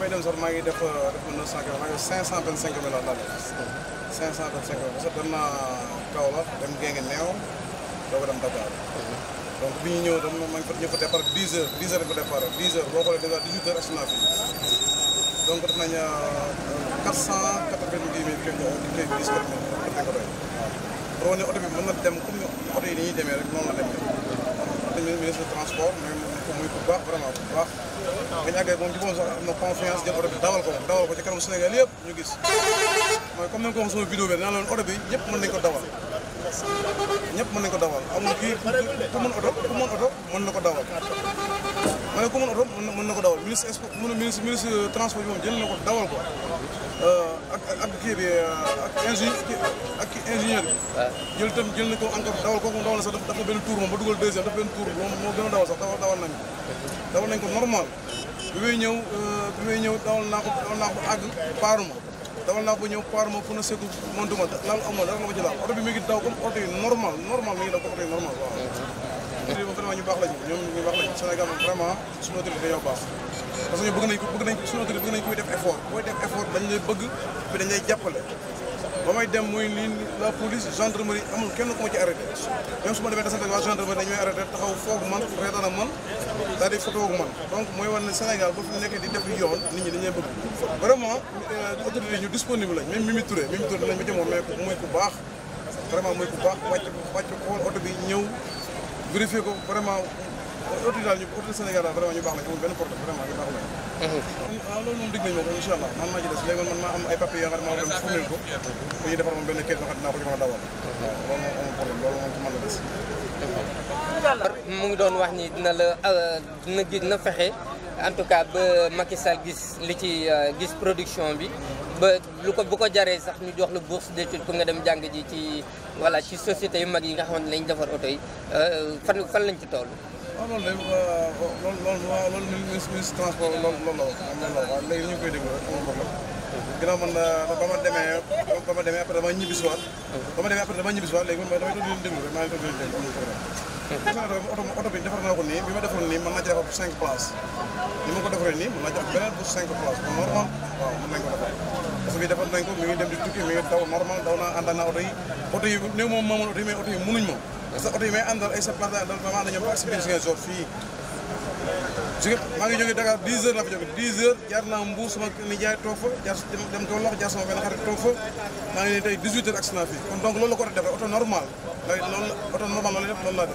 may dem sax maa ngi def def na 900 kilomètres maa ngi 525 kilomètres laa 525 kilomètres parce que dem naa Kaolack dem Guinguinéo néew doo ko donc bi ñu ñëw tam 10 heures 10 heures 10 heures boo xoolee déjà 10 le ministre du transport muy ku baax vraiment ku baax nga ñàkkee moom ci moom sax am confiance jël oto bi dawal ko moom dawal ko ci kanam Sénégal yëpp ñu gis mooy comme nañ ko wax sama vidéo bi naa leen oto bi ñëpp mën nañ ko dawal ñëpp mën nañ ko dawal ma ne ku mën oto mën na ko dawal ministre expo ministre ministre transport bi moom jël na ko dawal ko euh, ak ak kii bi euh, ak ingénieur ak ingénieur bi. jël tam jël na ko encore dawal kooku dawal na sax dafa benn tour moom ba dugal deuxième dafa benn tour moom moo gën a dawal sax dawal dawal nañ ko. dawal nañ ko normal bi may ñëw euh, bi may ñëw dawal naa ko dawal naa ko àgg paaruma dawal naa ko ñëw paaruma pour na seku montuma laal amul dara la ko ci laal oto bi mi ngi daw comme oto yi normal normal mi ngi daw ko na ñu baax lañu ñoom ñu baax lañu Sénégal moom vraiment suñu autorité yow baax parce que ñu bëgg nañ ko bëgg nañ suñu autorité bëgg nañ koy def effort booy def effort dañ lay bëgg bi dañ lay jàppale ba may dem muy lii la police gendarmerie amul kenn ku ma ci arrêté même su ma demee tasante waa gendarmerie dañ may arrêté taxaw foog man reetaan ak man daal di photo ak man donc mooy wane ne Sénégal ba fi nekk di def yoon nit ñi dañ lay bëgg vraiment euh, autorité ñu disponible lañ même Mimi Touré Mimi Touré nañ ma jëmoon mais muy ku baax vraiment muy ku baax wàcc wàcc xool oto bi ñëw vérifier ko vraiment autorité daal ñu autorité Sénégal daal vraiment ñu baax la amul benn problème vraiment ñu baax la. waaw mhm. ah, loolu moom digg nañu ko incha allah man maa ci des léegi man maa am ay papiers yoo xam dem fournir ko benn kayit yoo xam ne dawal. moom amul problème loolu moom doon wax ni dina la euh, fexe. en tout cas ba Macky Sall gis li ci euh, gis production bi ba lu ko bu ko jaree sax ñu jox la bourse d'étude pour nga dem jàng ji ci voilà ci sociétés yu mag yi nga xamante ne lañ defar oto yi euh, fan fan lañ ci toll. waaw ah, loolu de euh, loolu loolu waaw loolu ministre ministre transport loolu loolu la wax am na léegi ñu koy déglu rek amul problème. ginnaaw man ba ma demee ba ma demee après dama ñibbisiwaat. Mhm. ba ma demee après dama ñibbisiwaat léegi man damay doon déglu rek maa oto oto bi defar naa ko nii bi ma defoon nii mën naa ci defar pour cinq places ni ma ko defaree nii mën naa normal waaw mën nañ ko defar parce normal daw naa àndal naa oto yi oto yi néew moom moomoon oto yi mais oto yi mënuñ moom parce que oto yi may àndal ay sappaat àndal dama ànd ñoom ba si biir Ziguinchor fii jóge maa ngi jóge Dakar 10 heures la fa jóge 10 heures jaar naa normal loolu oto normal loolu